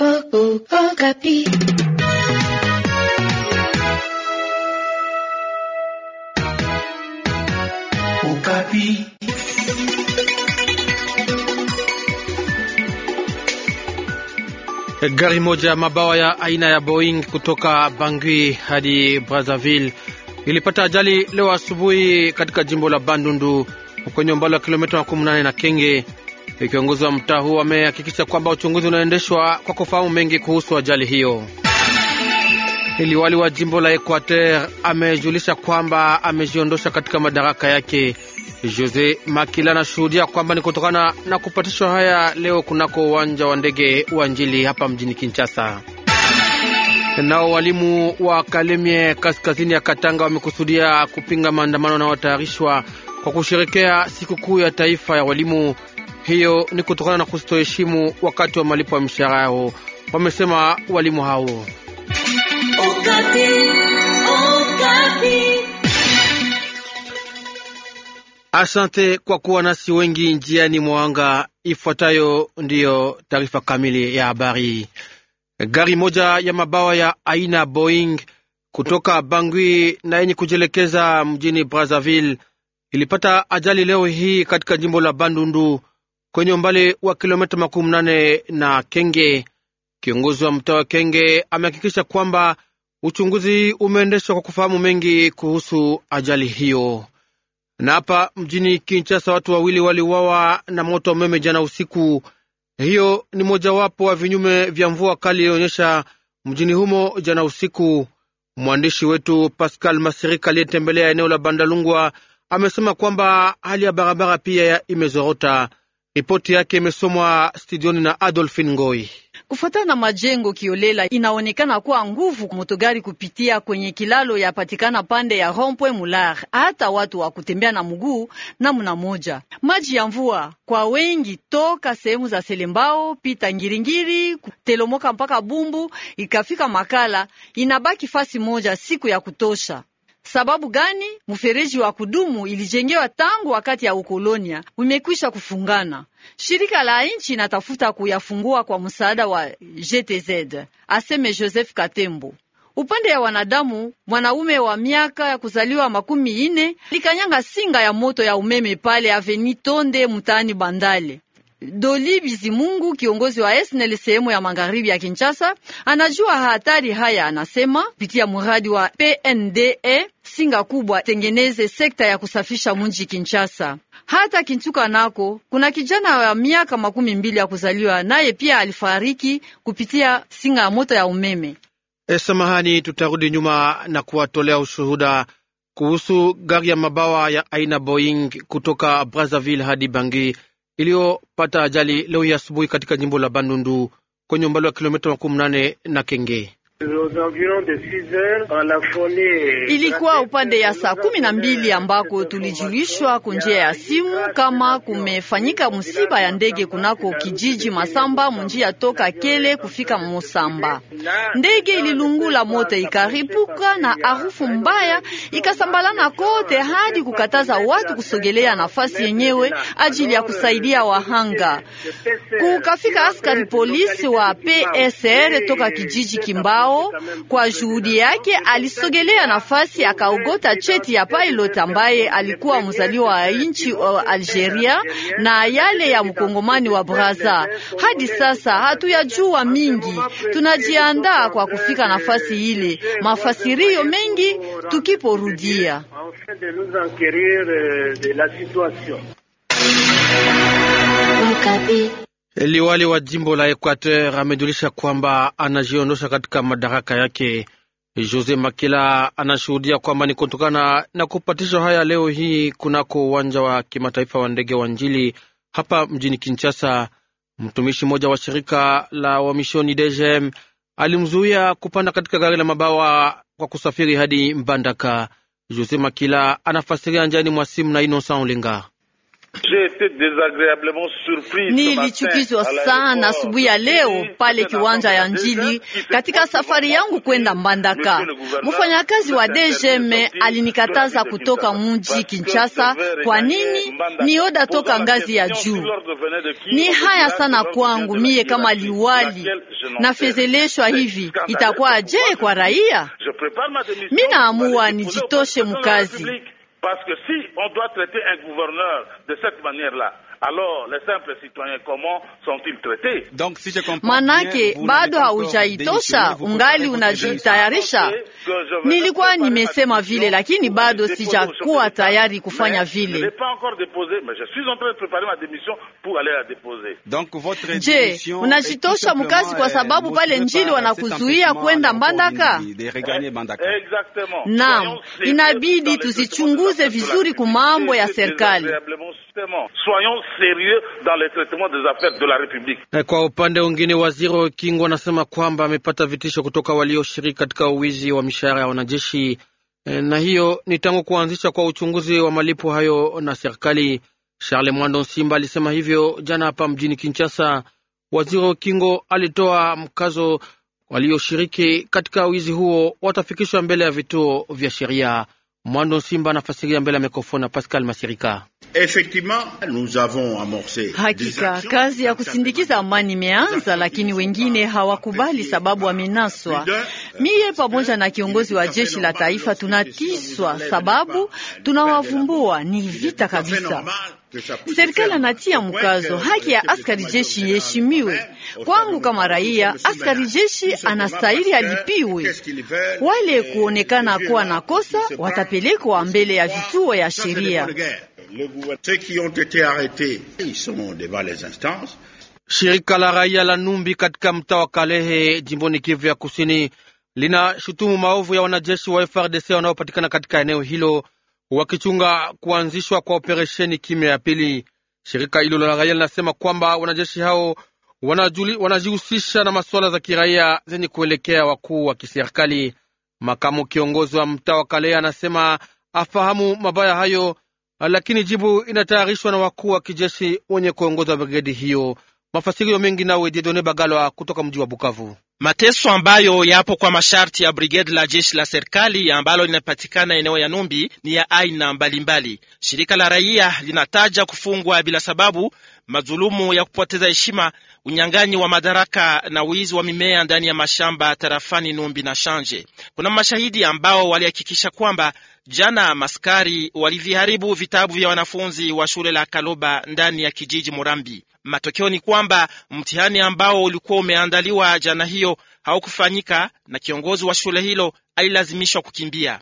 Ukapi. Gari moja mabawa ya aina ya Boeing kutoka Bangui hadi Brazzaville ilipata ajali leo asubuhi katika jimbo la Bandundu kwenye umbali wa kilomita 18 na Kenge. Kiongozi wa mtaa huo amehakikisha kwamba uchunguzi unaendeshwa kwa kufahamu mengi kuhusu ajali hiyo. Liwali wa jimbo la Equateur amejulisha kwamba amejiondosha katika madaraka yake. Jose Makila anashuhudia kwamba ni kutokana na kupatishwa haya leo kunako uwanja wa ndege wa Njili hapa mjini Kinshasa. Nao walimu wa Kalemie kaskazini ya Katanga wamekusudia kupinga maandamano yanayotayarishwa kwa kusherekea sikukuu ya taifa ya walimu. Hiyo ni kutokana na kustoheshimu wakati wa malipo ya mishahara yao, wamesema walimu hao. Asante kwa kuwa nasi wengi njiani mwanga. Ifuatayo ndiyo taarifa kamili ya habari. Gari moja ya mabawa ya aina Boeing kutoka Bangui na yenye kujielekeza mjini Brazzaville ilipata ajali leo hii katika jimbo la Bandundu kwenye umbali wa kilomita makumi nane na Kenge. Kiongozi wa mtaa wa Kenge amehakikisha kwamba uchunguzi umeendeshwa kwa kufahamu mengi kuhusu ajali hiyo. Na hapa mjini Kinshasa watu wawili waliuawa na moto wa umeme jana usiku. Hiyo ni mojawapo wa vinyume vya mvua kali iliyoonyesha mjini humo jana usiku. Mwandishi wetu Pascal Masirika aliyetembelea eneo la Bandalungwa amesema kwamba hali ya barabara pia imezorota. Ripoti yake imesomwa studioni na Adolphine Ngoi. Kufuatana na majengo kiolela, inaonekana kuwa nguvu motogari kupitia kwenye kilalo yapatikana pande ya Rompwe Mular, hata watu wa kutembea na muguu namna moja. Maji ya mvua kwa wengi toka sehemu za Selembao pita Ngiringiri telomoka mpaka Bumbu ikafika Makala, inabaki fasi moja siku ya kutosha. Sababu gani? Mfereji wa kudumu ilijengewa tangu wakati ya ukolonia umekwisha kufungana. Shirika la nchi inatafuta kuyafungua kwa msaada wa GTZ, aseme Joseph Katembo. Upande ya wanadamu, mwanaume wa miaka ya kuzaliwa makumi ine likanyanga singa ya moto ya umeme pale Aveni Tonde mtaani Bandale. Doli Bizimungu, kiongozi wa SNEL sehemu ya magharibi ya Kinshasa, anajua hatari haya. Anasema kupitia mradi wa PNDE singa kubwa tengeneze sekta ya kusafisha mji Kinshasa. Hata Kintuka nako kuna kijana wa miaka makumi mbili ya kuzaliwa, naye pia alifariki kupitia singa ya moto ya umeme. E, samahani, tutarudi nyuma na kuwatolea ushuhuda kuhusu gari ya mabawa ya aina Boeing kutoka Brazzaville hadi Bangui iliyopata ajali leo ya asubuhi katika jimbo la Bandundu kwenye umbali wa kilomita makumi nane na Kenge. Ilikuwa upande ya saa kumi na mbili ambako tulijulishwa kunjia ya simu kama kumefanyika msiba ya ndege kunako kijiji Masamba munjia toka Kele kufika Musamba. Ndege ililungula moto ikaripuka na harufu mbaya ikasambalana kote hadi kukataza watu kusogelea nafasi yenyewe ajili ya kusaidia wahanga. Kukafika askari polisi wa PSR toka kijiji Kimbao yao. Kwa juhudi yake alisogelea nafasi akaogota cheti ya pilot ambaye alikuwa mzaliwa wa nchi uh, Algeria na yale ya mkongomani wa Brazza. Hadi sasa hatuyajua mingi, tunajiandaa kwa kufika nafasi ile, mafasirio mengi tukiporudia. Liwali wa jimbo la Equateur amejulisha kwamba anajiondosha katika madaraka yake. Jose Makila anashuhudia kwamba ni kutokana na kupatishwa haya leo hii kunako uwanja wa kimataifa wa ndege wa Njili hapa mjini Kinshasa. Mtumishi mmoja wa shirika la wamishoni DGM alimzuia kupanda katika gari la mabawa kwa kusafiri hadi Mbandaka. Jose Makila anafasiria njani mwa simu na Innocent Olinga. Nilichukizwa sana asubuhi ya leo pale kiwanja ya Njili katika safari yangu kwenda Mbandaka. Mfanyakazi wa DGM alinikataza kutoka mji Kinshasa. Kwa nini? Ni oda toka ngazi ya juu. Ni haya sana kwangu mie kama liwali, nafezeleshwa hivi, itakuwa je kwa raia? mi naamua nijitoshe mkazi Parce que si on doit traiter un gouverneur de cette manière-là, alors les simples citoyens comment sont-ils traités? Donc, si je comprends, manake bado haujaitosha, ungali unajitayarisha. Nilikuwa nimesema vile, lakini bado sijakuwa tayari kufanya vile. Je, unajitosha mkazi kwa sababu eh, pale njili wanakuzuia kwenda Mbandaka? Eh, Naam, inabidi tuzichunguze vizuri kumambo ya serikali sérieux dans le traitement des affaires de la Et eh, Kwa upande wengine, waziri wa ukingo anasema kwamba amepata vitisho kutoka walioshiriki katika uwizi wa mishahara ya wanajeshi, eh, na hiyo ni tangu kuanzisha kwa uchunguzi wa malipo hayo na serikali. Charles Mwando Simba alisema hivyo jana hapa mjini Kinshasa. Waziri wa ukingo alitoa mkazo walioshiriki katika wizi huo watafikishwa mbele ya vituo vya sheria. Mwando Simba anafasiria mbele ya mikrofoni ya Pascal Masirika. Hakika kazi ya kusindikiza amani imeanza, lakini wengine hawakubali sababu wamenaswa. Miye pamoja na kiongozi wa jeshi la taifa tunatiswa, sababu tunawavumbua. Ni vita kabisa. Serikali anatia mkazo haki ya askari jeshi iheshimiwe. Kwangu kama raia, askari jeshi anastahili alipiwe. Wale kuonekana kuwa na kosa watapelekwa mbele ya vituo ya sheria. Shirika la raia la Numbi katika mtaa wa Kalehe jimboni Kivu ya Kusini linashutumu maovu ya wanajeshi wa FRDC wanaopatikana katika eneo hilo wakichunga kuanzishwa kwa operesheni kimya ya pili. Shirika hilo la raia linasema kwamba wanajeshi hao wanajihusisha na masuala za kiraia zenye kuelekea wakuu wa kiserikali. Makamu kiongozi wa mtaa wa Kalea anasema afahamu mabaya hayo, lakini jibu inatayarishwa na wakuu wa kijeshi wenye kuongoza brigedi hiyo. Mafasirio mengi nawe Diedone Bagalwa kutoka mji wa Bukavu. Mateso ambayo yapo kwa masharti ya brigedi la jeshi la serikali ambalo linapatikana eneo ya Numbi ni ya aina mbalimbali. Shirika la raia linataja kufungwa bila sababu, madhulumu ya kupoteza heshima, unyang'anyi wa madaraka na wizi wa mimea ndani ya mashamba tarafani Numbi na Shanje. Kuna mashahidi ambao walihakikisha kwamba jana maskari waliviharibu vitabu vya wanafunzi wa shule la Kaloba ndani ya kijiji Murambi. Matokeo ni kwamba mtihani ambao ulikuwa umeandaliwa jana hiyo haukufanyika na kiongozi wa shule hilo alilazimishwa kukimbia.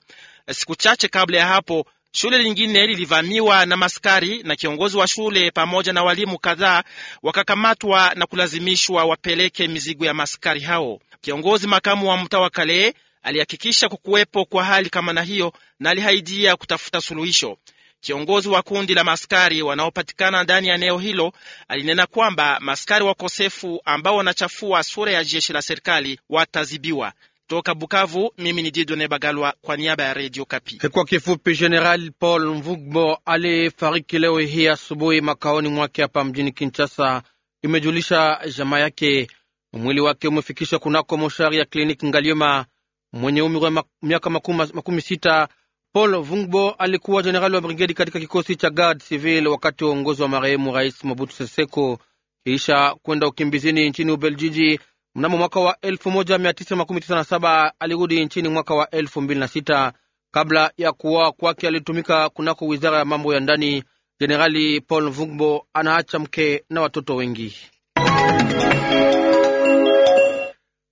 Siku chache kabla ya hapo, shule lingine lilivamiwa na maskari na kiongozi wa shule pamoja na walimu kadhaa wakakamatwa na kulazimishwa wapeleke mizigo ya maskari hao. Kiongozi makamu wa mtaa wa Kale alihakikisha kukuwepo kwa hali kama na hiyo na alihaidia kutafuta suluhisho. Kiongozi wa kundi la maskari wanaopatikana ndani ya eneo hilo alinena kwamba maskari wakosefu ambao wanachafua sura ya jeshi la serikali watazibiwa. Toka Bukavu, mimi ni Didone Bagalwa kwa niaba ya redio Kapi. Kwa kifupi, General Paul Mvugbo alifariki leo hii asubuhi makaoni mwake hapa mjini Kinshasa, imejulisha jamaa yake. Mwili wake umefikishwa kunako moshari ya kliniki Ngaliema. Mwenye umri wa miaka makumi sita Paul Vungbo alikuwa jenerali wa brigedi katika kikosi cha Guard Civil wakati wa uongozi wa marehemu Rais Mobutu Seseko, kisha kwenda ukimbizini nchini Ubeljiji mnamo mwaka wa 1997 alirudi nchini mwaka wa 2006. Kabla ya kuoa kwake alitumika kunako wizara ya mambo ya ndani. Jenerali Paul Vungbo anaacha mke na watoto wengi.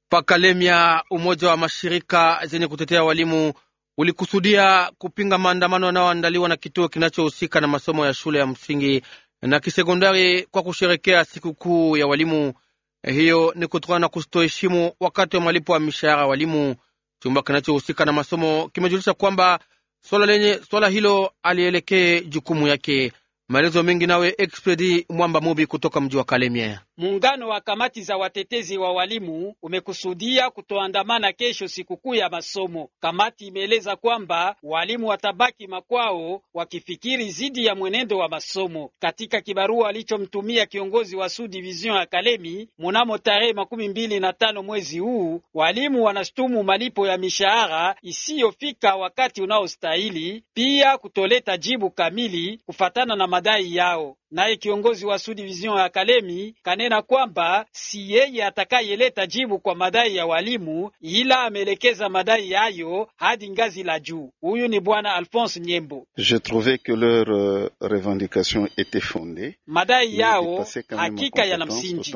Pakalemia, umoja wa mashirika zenye kutetea walimu ulikusudia kupinga maandamano yanayoandaliwa na kituo kinachohusika na masomo ya shule ya msingi na kisekondari kwa kusherekea sikukuu ya walimu. Eh, hiyo ni kutokana na kustoheshimu wakati wa malipo wa mishahara walimu. Chumba kinachohusika na masomo kimejulisha kwamba swala lenye swala hilo alielekee jukumu yake. Maelezo mengi nawe Expedi Mwamba Mubi kutoka mji wa Kalemie. Muungano wa kamati za watetezi wa walimu umekusudia kutoandamana kesho sikukuu ya masomo. Kamati imeeleza kwamba walimu watabaki makwao wakifikiri zidi ya mwenendo wa masomo. Katika kibarua alichomtumia kiongozi wa Sud Division ya Kalemi mnamo tarehe makumi mbili na tano mwezi huu, walimu wanashtumu malipo ya mishahara isiyofika wakati unaostahili, pia kutoleta jibu kamili kufatana na madai yao naye kiongozi wa Sud Vision ya Kalemi kanena kwamba si yeye atakayeleta jibu kwa madai ya walimu, ila ameelekeza madai yayo hadi ngazi la juu. Huyu ni bwana Alphonse Nyembo. Je trouvais que leur euh, revendication était fondée, madai yao hakika yana msingi,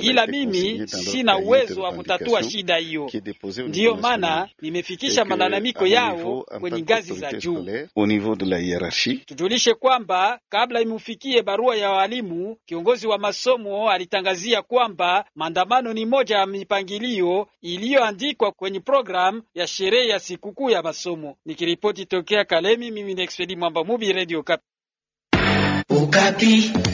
ila mimi sina uwezo wa kutatua shida hiyo, ndiyo maana nimefikisha malalamiko yao kwenye ngazi za juu, tujulishe kwamba kabla imufikia apitie barua ya walimu, kiongozi wa masomo alitangazia kwamba maandamano ni moja ya mipangilio iliyoandikwa kwenye programu ya sherehe ya sikukuu ya masomo. Nikiripoti tokea Kalemi, mimi ni Expedi Mwamba Mubi, Radio Okapi.